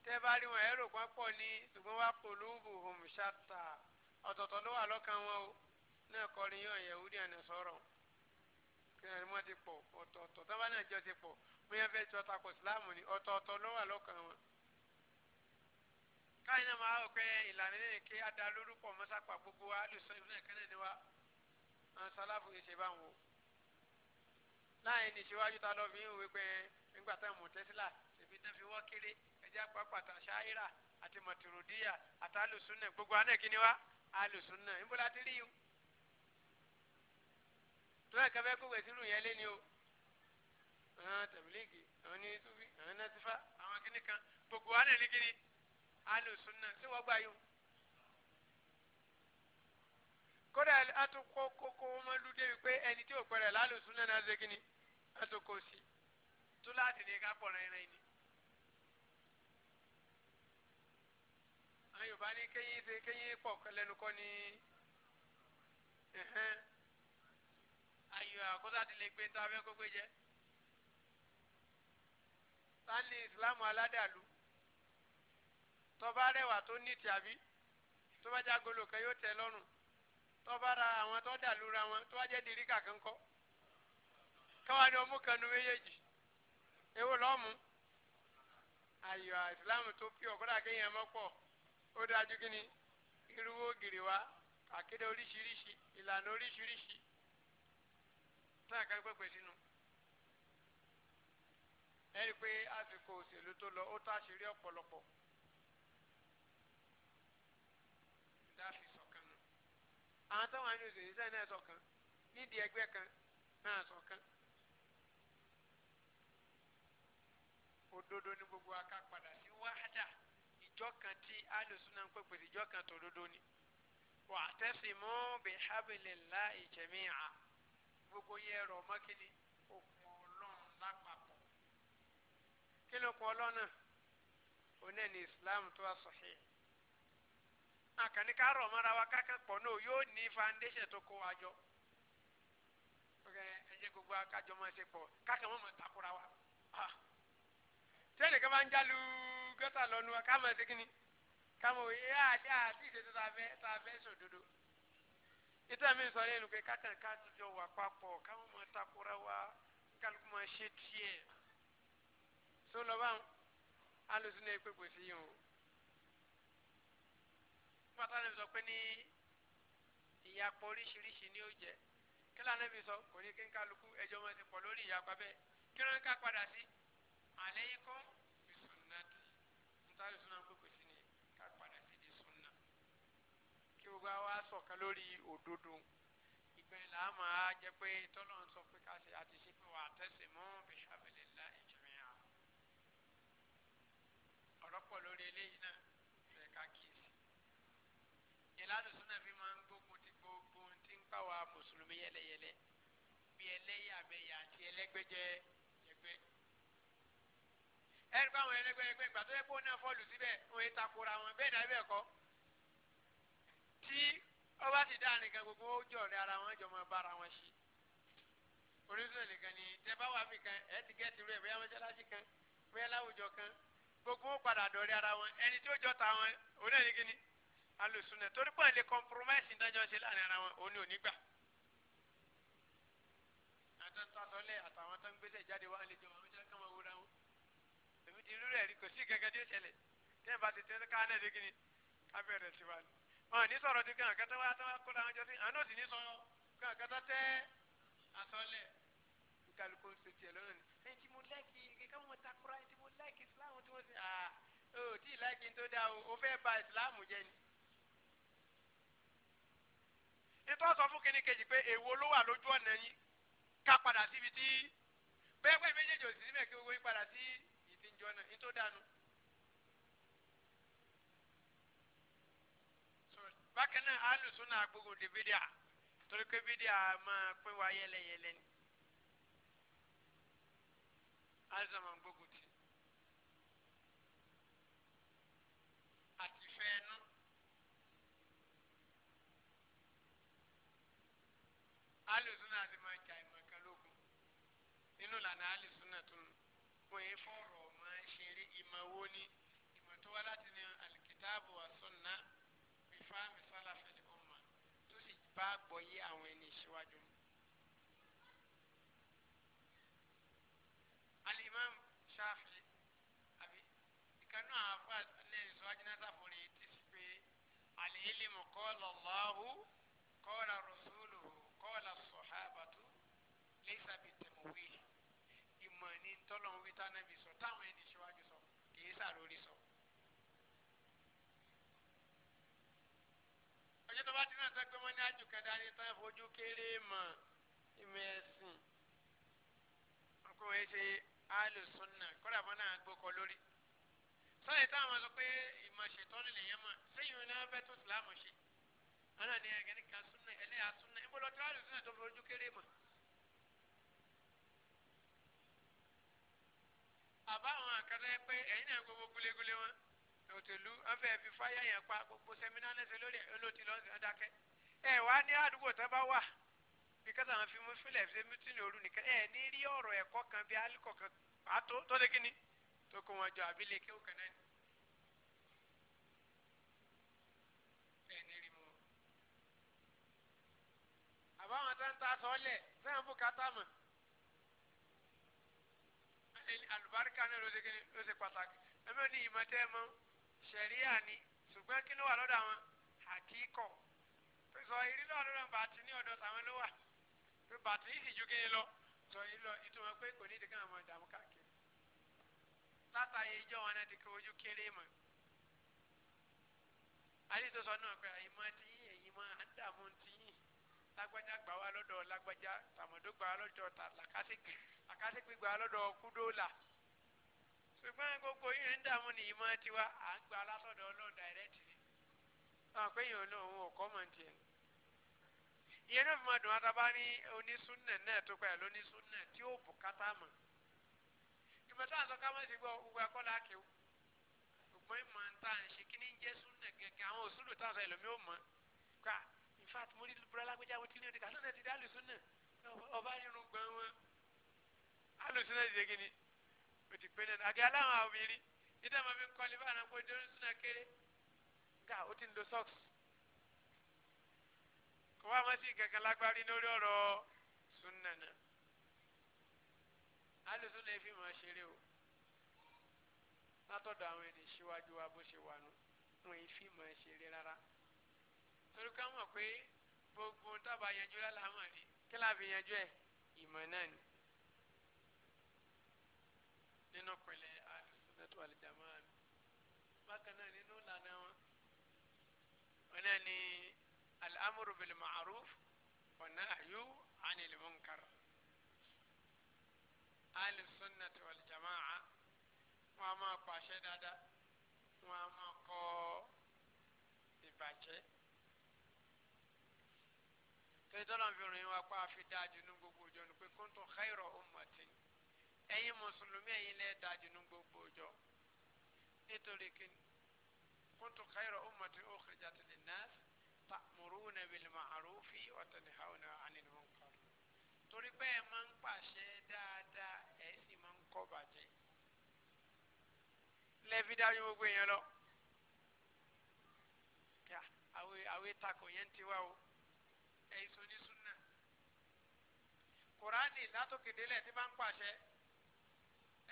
tẹ́ bá rí wọn ẹ̀rọ kan pọ̀ ní ṣùgbọ́n wá polúbù hùmṣàtà ọ̀tọ̀ọ̀tọ̀ ló wà lọ́kàn wọn o náà kọrin yóò yẹ̀wúdí àná sọ̀rọ̀ kẹrin wọn ti pọ̀ ọ̀tọ̀ọ̀tọ̀ tábà náà jọ ti pọ̀ bóyá fẹ́ jọ takò síláàmù ni ọ̀tọ̀ọ̀tọ̀ ló wà lọ́kàn wọn. káyìn náà máa rò pé ìlànà lẹ́yìn kí á da lórúkọ mọ́sápà gbogbo wa lùsọ ìbílẹ̀ kẹ́lẹ́ ni wa àwọn sáláàfù yìí ṣe bá wọn o. láàyè tijá pápátá ṣáírà àti mọ̀tòròdíyà àti alùsùnà gbogbo àná kíni wá alùsùnà níbo la ti rí yìí tó ẹ̀ka bẹ́ẹ̀ kó wẹ̀sí lùyẹ́ lé ni o àwọn tàbílẹ́ẹ̀kì àwọn ní sufi àwọn nasifa àwọn kíní kan gbogbo àná ní kíni alùsùnà tí wọ́n gbà yìí kódà atukọ kókó wọn lù débi pé ẹni tí ò pẹrẹ lálùsùnà náà ṣe kíni atukọ sí tó láti ní ká pọ̀ rẹ̀ ni. àwọn yorùbá ní kéyìn ṣe kéyìn pọ̀ lẹ́nu kọ́ ni ayò àkóso àti lè gbé ń tọ́ abẹ́ gbogbo jẹ́ sanni islam aládàlú tọ́ba rẹwà tó ní tìàbí tọ́ba jágolo kan yóò tẹ lọ́rùn tọ́ba ra àwọn tó dàlú ra wọn tó wá jẹ́ dirí kàkán kọ́ káwọn ni ọmú kan nu méjèèjì èwo lọ́mú ayò islam tó pí ọ̀kọ́dà kéèyàn mọ́ pọ̀. ó dájú kí ni irúwó ògiri wa àkéde oríṣiríṣi ìlànà oríṣiríṣi náà ká pẹ́pẹ́ sínú ẹ rí i pé àsìkò òṣèlú tó lọ ó tó àṣírí ọ̀pọ̀lọpọ̀ dáfi sọ̀kan nù àwọn táwọn àánú òṣèlú sẹ́yìn náà sọ̀kan nídìí ẹgbẹ́ kan náà sọ̀kan òdodo ni gbogbo aká padà sí wáhádà. ìjọ kan tí alùsùnà ń pèpè sí ìjọ kan tó dodo ni wà á tẹ́sí mọ́ bí hablillahi jami'a gbogbo yẹn rọ̀ mọ́kìnní okùn ọlọ́run lápapọ̀ kí ló kọ́ ọlọ́run náà oní ẹni islam tó wà sọ̀hìn àkànní ká rọ̀ mọ́ra wa kákẹ́kọ̀ọ́ náà yóò ní foundation tó kó wa jọ ẹ jẹ́ gbogbo akájọ máa ṣe pọ̀ kákẹ́ mọ́ mọ́ takura wa ah! tẹ́lẹ̀ ká bá ń jálu gọ́tà lọ́nu wa ká máa ṣe kí ni ká máa wòye yá àti àti ìṣètò tá a fẹ́ tá a fẹ́ sòdodo. ìtàn mi sọ lẹ́nu pé kákan ká jọ wà papọ̀ ká máa takora wa kálukú máa ṣe tiẹ̀. tó lọ bá alùsùn náà pé kò sí yìí o. pátá lè sọ pé ní ìyapọ̀ oríṣiríṣi ni ó jẹ́ kí lànà bí sọ kò ní kí n kálukú ẹjọ́ máa ti pọ̀ lórí ìyapa bẹ́ẹ̀ kí ló ká padà sí àlẹ́ yìí kọ́ sáré súnà pípé sí ni ká padà sí di súnà kí gbogbo àwa sọ̀ka lórí òdodo ìgbà yẹn làá máa jẹ́ pé tọ́lọ́ ń sọ pé ká ṣe àti ṣe pé wà á tẹ̀sí mọ́ bí sábẹ̀lẹ̀ ńlá ìjọba yà ọ̀rọ̀ pọ̀ lórí eléyìí náà ṣe ká kíyèsí ìlànà súnà fi máa ń gbógun ti gbogbo ti ń pàwọ́ mùsùlùmí yẹlẹyẹlẹ bí ẹlẹ́yàmẹ̀yà àti ẹlẹ́gbẹ́jẹ́ ẹ̀rí bá àwọn ẹlẹgbẹ́lẹgbẹ́ ìgbà tó yẹ kó náà fọ́ọ̀lù síbẹ̀ wọn yẹ takora wọn bẹ́ẹ̀ náà bẹ́ẹ̀ kọ́ tí ó bá ti dá nìkan gbogbo ó rẹ ara wọn jọ mọ bára wọn ṣe orísun nìkan ni tẹ bá wà mí kan ẹ ti gẹ́ ti rú ẹ bóyá mọ́ṣáláṣí kan bóyá láwùjọ kan gbogbo ó padà dọ̀rẹ́ ara wọn ẹni tí ó jọ ta wọn òun náà ní torí pọ̀ lè compromise ìdájọ́ ṣe láàrin ara wọn òun òní gbà àtàwọn tó ń gbéṣẹ́ jáde wá lè jọ wọn irú rẹ̀ rí kò sí gẹ́gẹ́ tí ó ṣẹlẹ̀ tẹ́yìn bá ti tẹ́ ká náà dé kíni ká bẹ̀rẹ̀ sí wa ni. wọn ò ní sọ̀rọ̀ di kàn kátà wá tán kó làwọn jọ sí àná òsì ní sọ kàn kátà tẹ́ àsọlẹ̀ kálukó ń sètì ẹ̀ lọ́nà ni. ẹni tí mo láìkì kíkà mo takura ẹni tí mo láìkì islam tí mo sè ah o tí ì láìkì tó dáa o fẹ́ ba islam jẹ ni. nítorí sọ fún kíní kejì pé èwo ló wà lójú ọ̀nà yín ká padà síbi tí bẹ́ẹ̀ pẹ́ méjèèjì òsì àwùjọ náà ní tó dànù. bákan náà alùsùn náà gbogbo de bídíà torí pé bídíà máa pín wa yẹlẹyẹlẹ ni alùsùn máa gbogbo ti àti fẹ́ẹ́nu. alùsùn náà ti máa jà ìmọ̀ kan lógun nínú lànà alùsùn náà tún wọ́n yẹn fún. kìtàbù wa sunna bí fáàmì sálàfẹ́ lè ọmọ tó sì bá gbọ́yé àwọn ẹni ìṣíwájú. alimam Shafi àbí ìkànnì àwọn afọ alẹ́ ìṣíwájú náà sàfòrè ti sì pé al-ilmu qala Allahu qala rasuluhu qala as-sahabatu laysa bitamwil ìmọ̀ ní tọ́lọ́wọ́ wí tánábì sọ táwọn ẹni ìṣíwájú sọ kì í sàrórí bá ti náà sọ pé wọ́n ní àjùkẹ́dá ní tán fojú kéré mọ̀ ìmọ̀ ẹ̀sìn kó wọ́n ṣe alùsùnà kódà bọ́n náà gbókọ lórí. sọ́yìn táwọn sọ pé ìmọ̀ ni lèyàn mọ̀ sẹ́yìn iná bẹ́ẹ̀ tó sìlámù ṣe. wọn náà ní ẹ̀gẹ́ ní kan súnà ẹlẹ́yà súnà ìbò lọ́tí alùsùnà tó fojú kéré mọ̀. àbá àkàtà ẹ pé ẹ̀yin náà gbogbo gúlégúlé wọn òtèlú wọn fẹẹ fi fáyà yẹn pa gbogbo sẹmínà lẹsẹ lórí olóòtí lọsẹ ọdákẹ ẹ wá ní àdúgbò tó bá wà bí kẹta àwọn fi mú sílẹ fi mítìnì òru nìkan ẹ ní rí ọ̀rọ̀ ẹ̀kọ́ kan bí alikọ kan pàtó tó lé kíni tó kó wọn jọ àbílẹ kéwù kan náà ni. àbáwọn tó ń ta sọlẹ sẹ́yìn bùkátà mọ̀ àlùbáríkà náà ló ṣe pàtàkì ẹ̀mí ò ní ìmọ̀ tẹ́ ẹ mọ́ sẹ̀ríà ni ṣùgbọ́n kí ló wà lọ́dọ̀ àwọn àti ikọ̀ tó sọ èrí lọ́wọ́ lọ́dọ̀ bàtí ní ọ̀dọ̀ sàwọn ló wà tó bàtí ìsì ju kí ni lọ tó yìí lọ ìtumọ̀ pé kò ní ìdíkan àwọn ìdààmú káàkiri látàyè ìjọ wọn náà ti kí ojú kéré mọ̀ àyè tó sọ náà pé àyè máa ti yín èyí máa á ń dààmú ti yín lágbájá gbà wá lọ́dọ̀ lágbájá tàmọ̀dó gbà wá lọ́dọ̀ ṣùgbọ́n gbogbo yìí ń dààmú ní ìmọ̀ tiwa à ń gba alátọ̀dọ̀ ọlọ́run dàrẹ́tì ni àwọn pé yìí ọlọ́run ò kọ́ mọ̀ tiẹ̀. ìyẹn náà fi máa dùn wá tábà ní onísúnnà náà tó pẹ̀lú onísúnnà tí ó bùkátà mọ̀. ìgbà táwọn sọ káwọn ti gbọ́ gbogbo akọ́lá kéwù ṣùgbọ́n ìmọ̀ ń tà ń ṣe kí ní jẹ́ súnnà gẹ̀gẹ̀ àwọn òṣùlù táwọn sọ ẹlòmí ò mọ̀ ká in fact mo rí burúkú alágbèjà dependent àti aláwọn obìnrin níta máa fi kọ́lé bá àwọn akpọ̀jọ́ ní súnà kéré ká ó ti ń lo socks kò wá máa sí kankan lágbárí lórí ọ̀rọ̀ súnà náà alùsùn lè fi máa ṣeré o látọ̀dọ̀ àwọn ènìyàn síwájú wa bó ṣe wà nù wọn yìí fi máa ṣeré rárá torí ká mọ̀ pé gbogbo tábà yanjú lálàá mọ̀ rí kí láàbì yanjú ẹ̀ ìmọ̀ náà ni nínú pẹ̀lẹ́ alùsùnàtò àlìjàmá ni bákan náà nínú lànà wọn wọn náà ní al'amuru bil ma'ruf wa nahyu anil munkar alùsùnàtò àlìjàmá wọn a máa pàṣẹ dáadáa wọn a máa kọ ìbàjẹ́ tẹ́tọ́lọ́mùfẹ́rin wa pa fi dáa jù ní gbogbo ìjọ ni pé kuntum khayra ẹ̀yin mùsùlùmí ẹ̀yin lẹ dájú ní gbogbo ọjọ́ nítorí kí kuntu khayra ummati ukhrijat linnas ta'muruna bil ma'rufi wa tanhauna 'anil munkar torí pé ẹ máa ń pàṣẹ dáadáa ẹ sì máa ń kọ̀ bàjẹ́ lẹ́ẹ̀fi dájú gbogbo èèyàn lọ àwẹ̀ àwẹ̀ takò yẹn ti wá o ẹ̀yin sọ ní sunna kùránì látòkè délẹ̀ tí bá ń pàṣẹ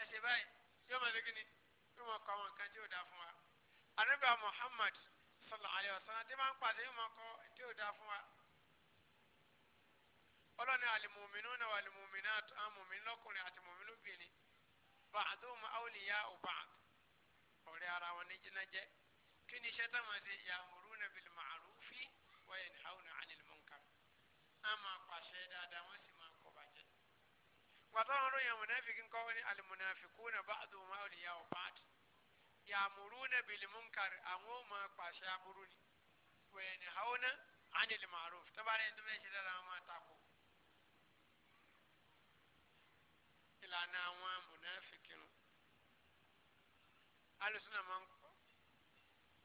ẹ ṣe báyìí yóò máa lókè ni yóò máa kọ àwọn nǹkan tí yóò dáa fún wa ànábì Muhammad sallallahu alaihi wasallam tí máa ń pàṣẹ yóò máa kọ tí yóò dáa fún wa ọlọ́ni al-mu'minuna wal-mu'minat amòmí lọ́kùnrin àti mòmí lóbìnrin ba'duhum awliya'u ba'd ọ̀rẹ́ ara wọn ní jìnnàjẹ́ kí ni iṣẹ́ táwọn ṣe ya'muruna bil ma'rufi wa yanhawna 'anil munkar á máa pàṣẹ dáadáa wọ́n sì wàtọ́nà ló yẹ mùnàfíkì ńkọ́ wọn ni alimunafikuna ba'du ma awliya'u ba'd ya'muruna bil munkar àwọn ò máa pàṣẹ aburú ni wa yanhauna 'anil ma'ruf tọ́bárẹ̀ ẹni tó bẹ́ẹ̀ ṣe dára wọn máa takò. ìlànà àwọn mùnàfíkì nù alùsùnà máa ń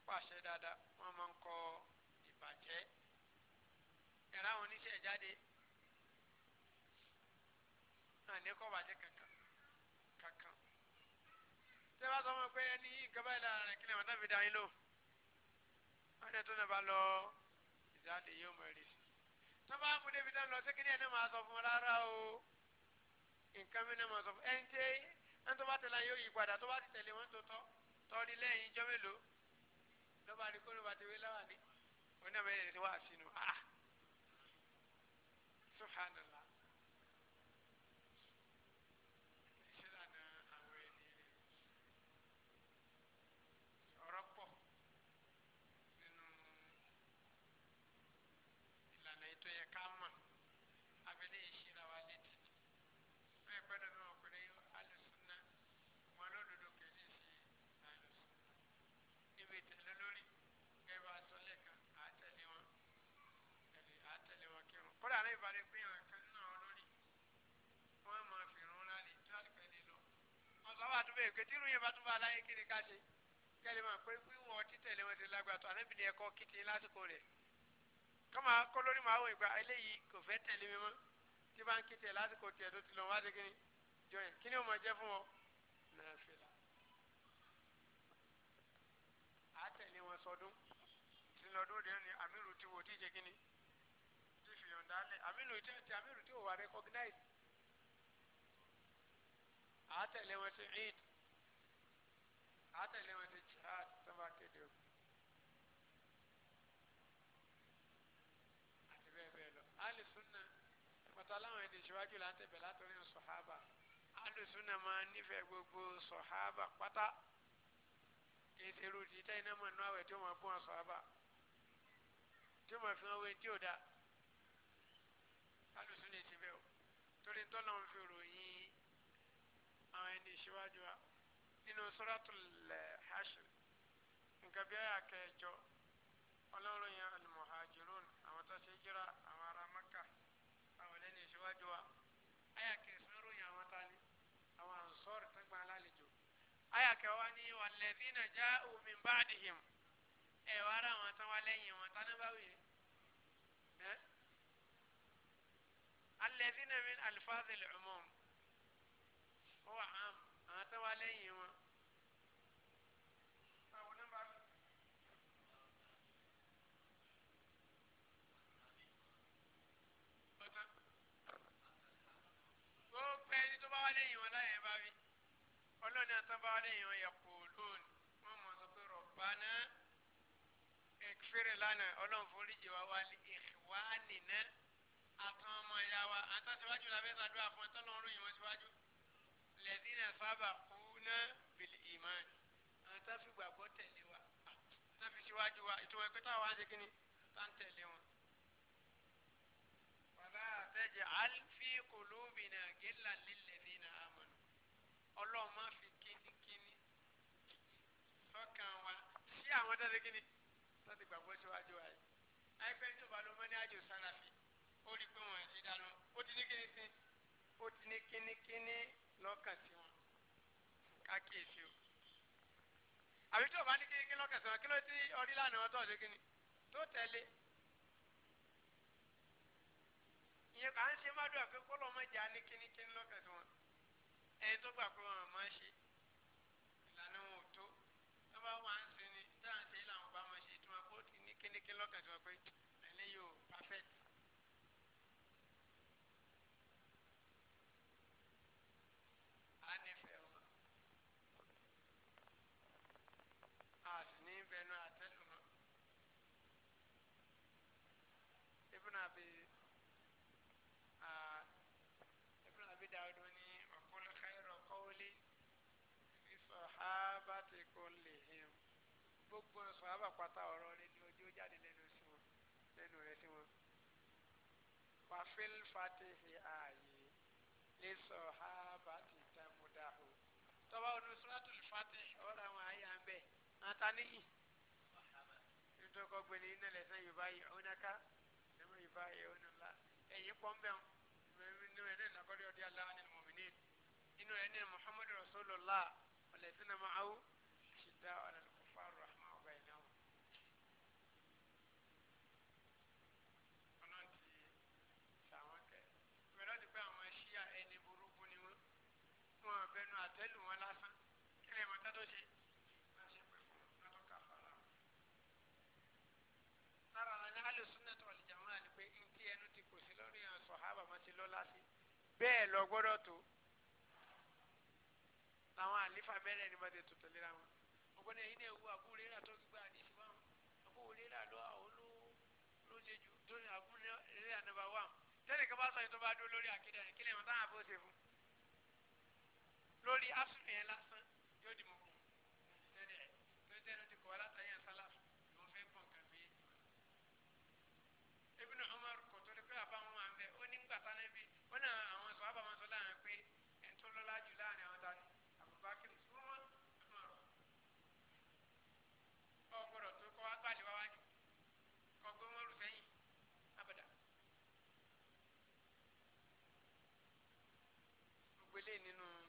pàṣẹ dáadáa wọ́n máa ń kọ ìbàjẹ́ ẹ̀rọ àwọn oníṣẹ́ ìjáde ní kọ́ bàjẹ́ kankan kankan tí a bá sọ fún pé ẹni yìí nǹkan báyìí lára rẹ̀ kí ni àwọn tábìlì dá yín lò wọ́n ní tó náà bá lọ ìdáde yóò mọ̀ rí sí tó bá mú débi tán lọ sékìní ẹ̀ náà máa sọ fún wọn rárá o nǹkan mi náà máa sọ fún ẹ̀ ń tẹ́ ẹ̀ ń tó bá tẹ̀lé yóò yí padà tó bá ti tẹ̀lé wọn tó tọ́ tọ́ni lẹ́yìn ijọ́ mélòó lọ́ba àdìgbò ló bá ti wé láwàní onímọ̀ ẹ̀ ti wá sínú ah subhanallah. àwọn àtúbọ̀ èké tí irun yẹn bá tún bá aláyé kí ni ká ṣe kẹ́lẹ́ máa pé wíwọ́n títẹ̀lé wọn ti lágbàtà ànábì ni ẹ̀kọ́ kìtì lásìkò rẹ̀ kọ́mà kọ́ lórí màá wọ̀ ìgbà eléyìí kò fẹ́ tẹ̀lé mi mọ́ tí bá ń kìtì ẹ̀ lásìkò tiẹ̀ tó ti lọ wá sí jọ yẹn kíni ó máa jẹ́ fún ọ náà fi là á tẹ̀lé wọn sọdún ìsinlọ́dún rẹ̀ ni àmì àmìlù tí wò tí ì ṣe kíni tí fìyàn dálẹ̀ àmìlù tí àmìlù tí ò recognize àátẹ̀lé wọn sí eid àátẹ̀lé wọn sí jihad tó bá kéde o àti bẹ́ẹ̀ bẹ́ẹ̀ lọ alùsùnà pàtó aláwọn ẹni ìṣíwájú là ń tẹ̀bẹ̀ látọ̀rí sọ̀hábà alùsùnà máa nífẹ̀ẹ́ gbogbo sọ̀hábà pátá kìí ṣe irú ti tẹ́yìn náà máa nú ẹni ìṣíwájú wa nínú suratul Hashr nǹkan bí ayà kẹjọ ọlọ́run yẹn al-muhajirun àwọn tó ṣe jíra àwọn ará Mẹ́kà àwọn ẹni ìṣíwájú wa ayà kẹsàn-án ròyìn àwọn tani àwọn ansọ́ọ̀rì tó gbà lálejò ayà kẹwàá ní walladhina ja'u min ba'dihim ẹ̀ wá ara àwọn tán wá lẹ́yìn wọn tani bá wù yẹn. alladhina min alfadhil umum wà ám àwọn tó wà lẹ́yìn wọn. gbogbo ẹni tó bá wà lẹ́yìn wọn láyé bá wí ọlọ́ni àtàbá wà lẹ́yìn wọn yẹ kó lónìí wọn mọ̀ sọ pé rọ̀bánà ekfere lánàá ọlọ́run forí jẹ wá wá ìwá nìna àtọ́mọ ìyá wa àtàtúwájú làbẹ́sàdúrà fún ẹ tọ́lọ́run yìí wọ́n síwájú lẹ́dínà sábà kú ná bìlì ìmánì àwọn tá fi gbàgbọ́ tẹ̀lé wa tá fi síwájú wa ìtumọ̀ ẹ̀kọ́ táwa ń ṣe kí ni tá ń tẹ̀lé wọn. wàlá àtẹ̀jẹ̀ àlfi kòlóbìnà gíla lílẹ̀dínà àmọ́nù ọlọ́run má fi kínníkínní sọ́kàn wa sí àwọn tá ṣe kí ni tá ti gbàgbọ́ síwájú wa yìí. àìpẹ́ tó bá ló mọ́ ní àjò sálàfì ó rí pé wọ́n ṣe dáná ó ti ní kíní kíní ó ti ní kíní kíní lọ́kàn sí wọn kákìsì o àbí tí o bá ní kékeré lọ́kàn sí wọn kí ló ti ọdí lánàá ọtọ̀ ṣe kíni tó tẹ̀lé ìyẹn kà ń ṣe má dùn àpé kọ́lọ́ má jà ní kíní kíní lọ́kàn sí wọn ẹni tó gbà pé wọn máa ṣe ìlànà wọn ò tó tó bá wà ń sin ni táwọn ṣe làwọn bá máa ṣe tí kó ní kíní kíní lọ́kàn sí pé. fílfàtìhì ààyè lè sọ ha bá ti tẹ̀múdáhù. tọ́ba ọdún sọ́dọ̀tún fàtìhì ọ̀rọ̀ àwọn àyè à ń bẹ̀ àtàníyì. nítorí gbẹ̀lẹ̀ iná lẹ́sẹ̀ yorùbá yìí ọ̀nàká ẹ̀mọ yorùbá yìí ọ̀nàlá ẹ̀yìn pọ́ńbẹ́ọ̀n inú ẹ̀ náà nàkọ́dọ̀ ọ̀dí aláwọ̀ nínú mọ̀mìnì inú ẹ̀ náà muhammadu rasulullah ọ̀lẹ́sìn náà máa wù. bẹ́ẹ̀ lọ gbọ́dọ̀ tó làwọn àlefa mẹ́rẹ̀ ni wọ́n ti tó tẹ̀lé ra wọn ọgbọ́n ẹ̀yin náà wú àbúrò rírà tó gbígbà àdìsí wọn àbúrò rírà lọ àwọn ló ló ṣe jù tó ní àbúrò rírà nàbà wà tẹ́lẹ̀ kí wọ́n sọ yìí tó bá dúró lórí àkídà rẹ̀ kí lè wọ́n táwọn àbó ṣe fún lórí asùn lásán. eléyìí nínú